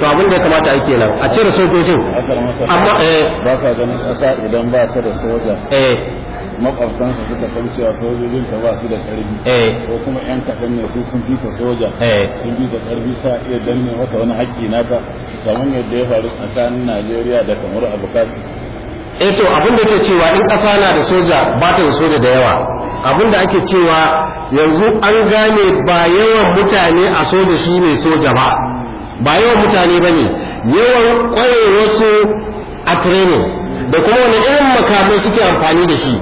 to abin da ya kamata ake nan a cire sojojin amma eh ba ka ganin kasa idan ba ta da soja eh su suka san cewa sojojin ta ba su da karfi eh. ko kuma yan kaɗan ne su sun fita soja eh. sun bi da karfi sa iya danne wata wani haƙƙi na Ta kamar yadda ya faru tsakanin Najeriya da kamar Abukasi eh to abin da ke cewa in ƙasa na da soja ba ta da soja da yawa abin da ake cewa yanzu an gane ba yawan mutane a soja shi ne soja ba ba yawan mutane ba ne yawan wasu a training da kuma wani irin makamai suke amfani da shi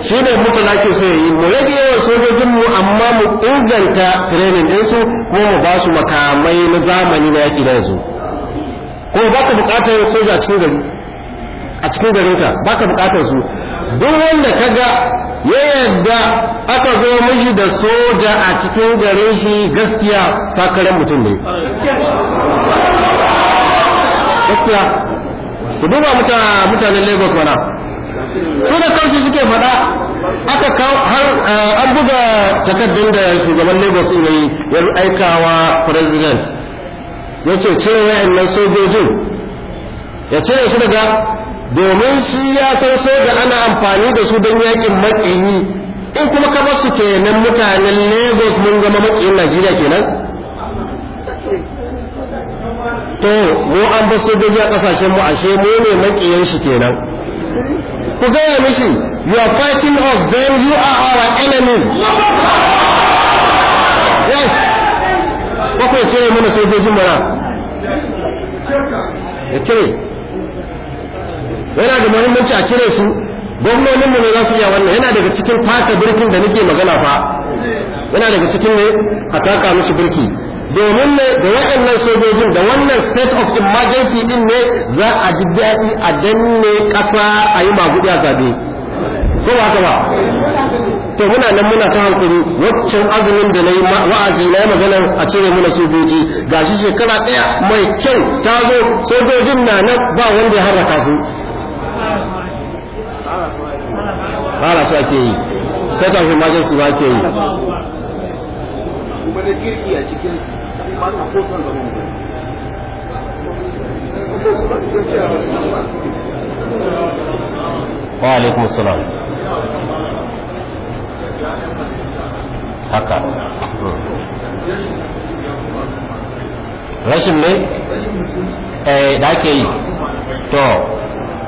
shi ne mutane ke so yi mu rage yawan mu amma mu inganta training ɗinsu kuma mu ba su makamai na zamani na yaƙi da yanzu kuma ba ka buƙatar soja cikin gari a cikin garinka baka bukatar su duk wanda ka ga ya yadda aka zo mishi da soja a cikin garin shi gaskiya sakaren mutum ne gaskiya ku duba mutanen lagos mana su da kansu suke faɗa aka kawo har eh, an buga takardun da shugaban lagos ne ya aikawa president ya ce yayin wayannan sojojin ya cire su daga domin shi ya san soja ana amfani da su don yakin makiyi in kuma ka basu kenan mutanen lagos mun zama makiyin najeriya kenan to mu an ba sojoji a kasashen mu ashe mu ne makiyan shi kenan ku gaya mishi you are fighting us then you are our enemies yes bakwai ce mana sojojin mana ya cire yana da muhimmanci a cire su gwamnonin mu ne za su iya wannan yana daga cikin taka birkin da nake magana fa yana daga cikin ne a taka musu birki domin ne da waɗannan sojojin da wannan state of emergency din ne za a ji daɗi a danne ƙasa a yi maguɗi a zabe ko ba ka ba to muna nan muna ta hankali waccan azumin da na yi wa'azi na yi magana a cire muna sojoji gashi shekara ɗaya mai kyau ta zo sojojin na nan ba wanda ya harraka su fara su ake yi su yi kuma da kirki a cikin su ba wa alaikum salam haka hmm. rashin ne eh, da yi to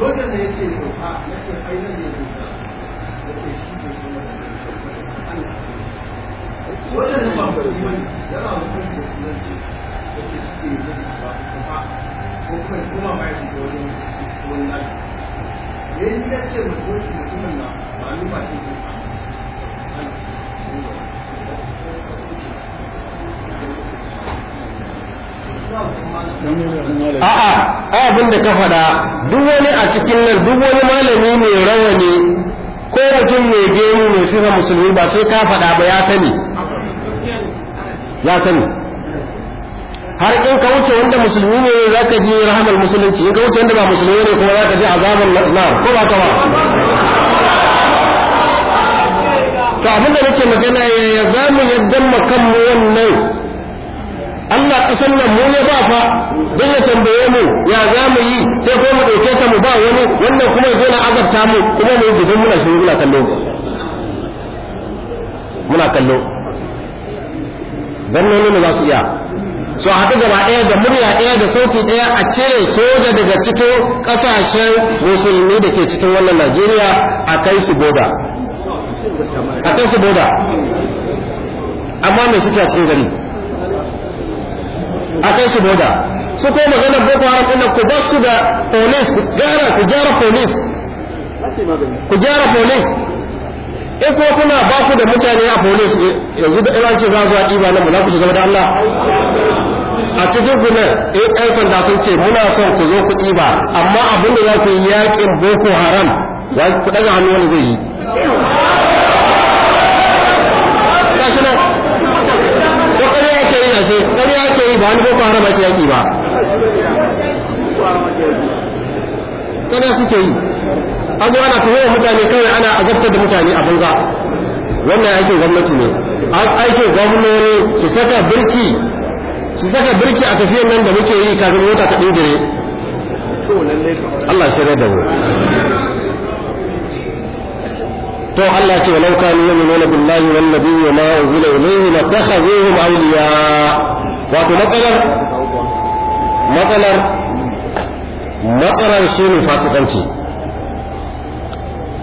lokacin da ya ce sauka na ce ai nan ne sauka da ke shi ne kuma da ke sauka da Allah lokacin da ba mutum yana mutum da sunanci da ke shi kuma da ke sauka ko kuma kuma ma ya shiga wajen wani lafi yayin da ce mutum mutumin na ba ni ba shi ne a'a abin da ka faɗa duk wani a cikin nan duk wani malami mai rawani ko mutum mai gemu mai sifa musulmi ba sai ka faɗa ba ya sani ya sani har in ka wuce wanda musulmi ne za ka ji rahamar musulunci in ka wuce wanda ba musulmi ne kuma za ka ji azabar nar ko ba ka ba to abin da nake magana yaya za mu yaddan mu kanmu wannan Allah ƙasar nan mu ya ba fa don ya tambaye mu ya za mu yi sai ko mu dauke ta mu ba wani wannan kuma ya na azabta mu kuma mu yi muna shi muna kallo muna kallo nan ne za su iya so haɗu gaba ɗaya da murya ɗaya da sauti ɗaya a cire soja daga cikin ƙasashen musulmi da ke cikin wannan najeriya a kai su boda a kai su boda amma me suke a cikin gari a kai su boda su ko magana boko haram ɗin ku ba su da police ku gyara ku gyara police ku gyara police in ko kuna ba ku da mutane a police yanzu da ina ce za zuwa ɗiba na mula ku shiga da Allah a cikin ku nan san eh, ɗan sanda sun ce muna son ku zo ku ɗiba amma abin da za ku yi yaƙin boko haram ku ɗaga hannu wani zai yi wani ko haram ake yaki ba kada suke yi an zo ana tuhuwa mutane kawai ana azabtar da mutane a banza wannan aikin gwamnati ne aikin gwamnati su saka birki su saka birki a tafiyar nan da muke yi kafin mota ta dingire Allah ya da mu to Allah ce walau kanu yu'minuna billahi wan nabiyyi wa ma unzila ilayhi la takhazuhum awliya wato matsalar matsalar matsalar shi ne fasikanci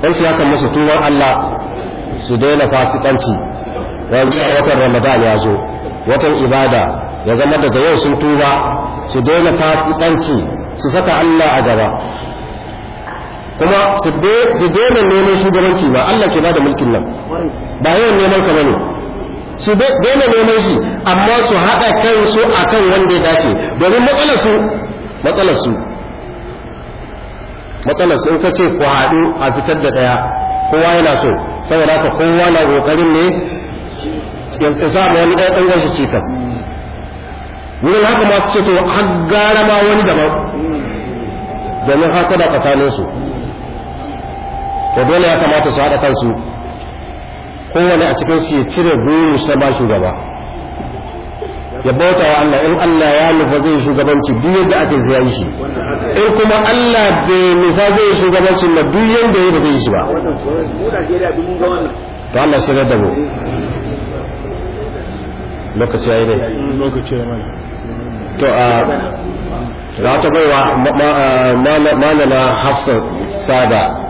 ɗan siyasar masu tuwon Allah su daina fasikanci watan ramadan ya zo watan ibada ya zama daga yau sun tuba su daina fasikanci su saka Allah a gaba kuma su daina neman shugabanci ba Allah ke da mulkin nan ba yawan neman ka ne. su daina neman shi amma su haɗa kansu a kan wanda ya dace domin matsalarsu matsalarsu matsalarsu in ka ce ku haɗu a fitar da ɗaya kowa yana so saboda haka kowa na ƙoƙarin ne ya samu wani ɗaya ɗan gashi cikas wurin haka masu ce to har gara ma wani daban domin hasada tsakaninsu to dole ya kamata su haɗa kansu kowane a cikin su ya cire guru sa ba shugaba ya bauta wa Allah in Allah ya nufa zai shugabanci duk yadda aka zai shi in kuma Allah bai nufa zai shugabanci na duk yadda ya ba zai shi ba to Allah shi da mu lokaci yi ne lokaci ya mai to a za ta baiwa malama Hafsa Sada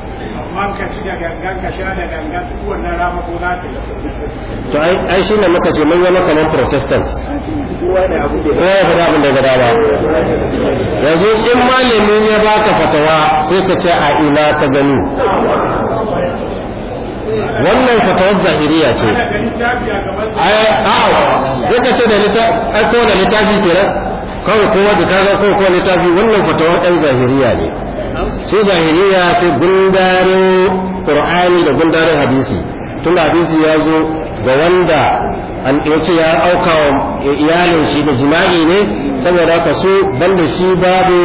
da da rama ko to ai shi ne muka ce mun zama kamar protestants kowa da fada abin da ya gada ba yanzu in malamin ya baka fatawa sai ka ce a ina ka gani wannan fatawar zahiriya ce a'a zai ka ce da littafi kenan kawai kowa da kaga ko kowa littafi wannan fatawar ɗan zahiriya ne su zahiriya sai gundarin qur'ani da gundarin hadisi tun hadisi ya zo ga wanda an ce ya auka wa iyalin shi da jima'i ne saboda ka so ban da shi babu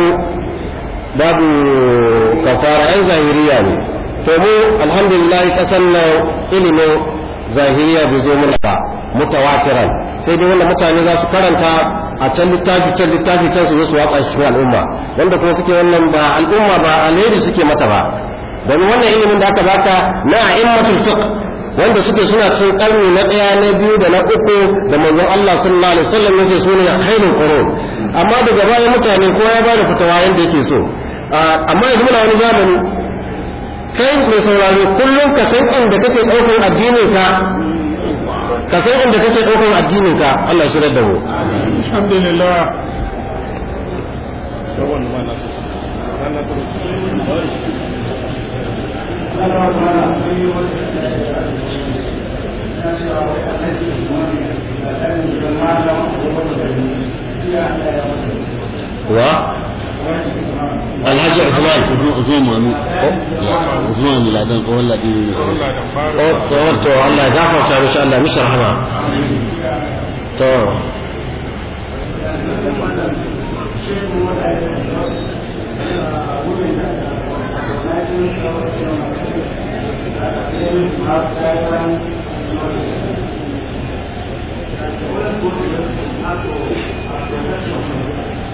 kafara ɗan zahiriya ne to mu alhamdulillah kasan nan ilimin zahiriya bai zo mana ba mutawatiran sai dai wanda mutane za su karanta a can littafi can littafi can su zo su watsa cikin al'umma wanda kuma suke wannan ba al'umma ba alheri suke mata ba don wannan ilimin da aka baka na a in fiqh wanda suke suna cin karni na ɗaya na biyu da na uku da manzon Allah sallallahu alaihi wasallam yake so ne khairul qurun amma daga baya mutane ko ya bada fitawa yanda yake so amma yanzu muna wani zamani kai mai saurare kullum ka san inda kake ɗaukar addinin ka ka san inda kake ɗaukar addinin ka Allah shirar da mu alhamdulillah wa الحاج عثمان عثمان مأمون عثمان اللي عدن الذي دي تو الله يدافع تعالوا إن شاء الله مش رحمة تو Thank you.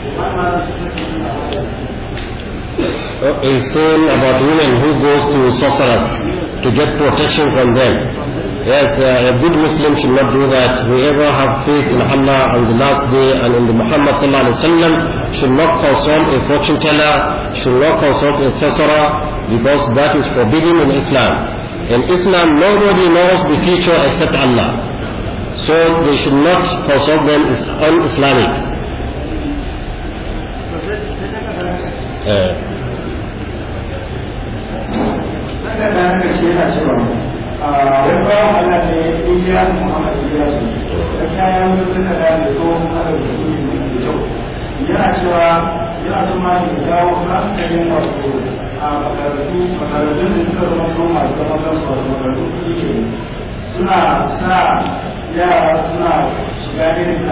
Oh, is saying about women who goes to sorcerers to get protection from them. Yes, uh, a good Muslim should not do that. Whoever have faith in Allah on the last day and in the Muhammad sallallahu alaihi wasallam should not consult a fortune teller, should not consult a sorcerer, because that is forbidden in Islam. In Islam, nobody knows the future except Allah. So they should not consult them is un-Islamic. eh yana cewa yana son ma ya dawo hankalin wato a makarantu makarantun da suka zama ko masu zama kansu wato makarantu suna sa yara suna shiga irin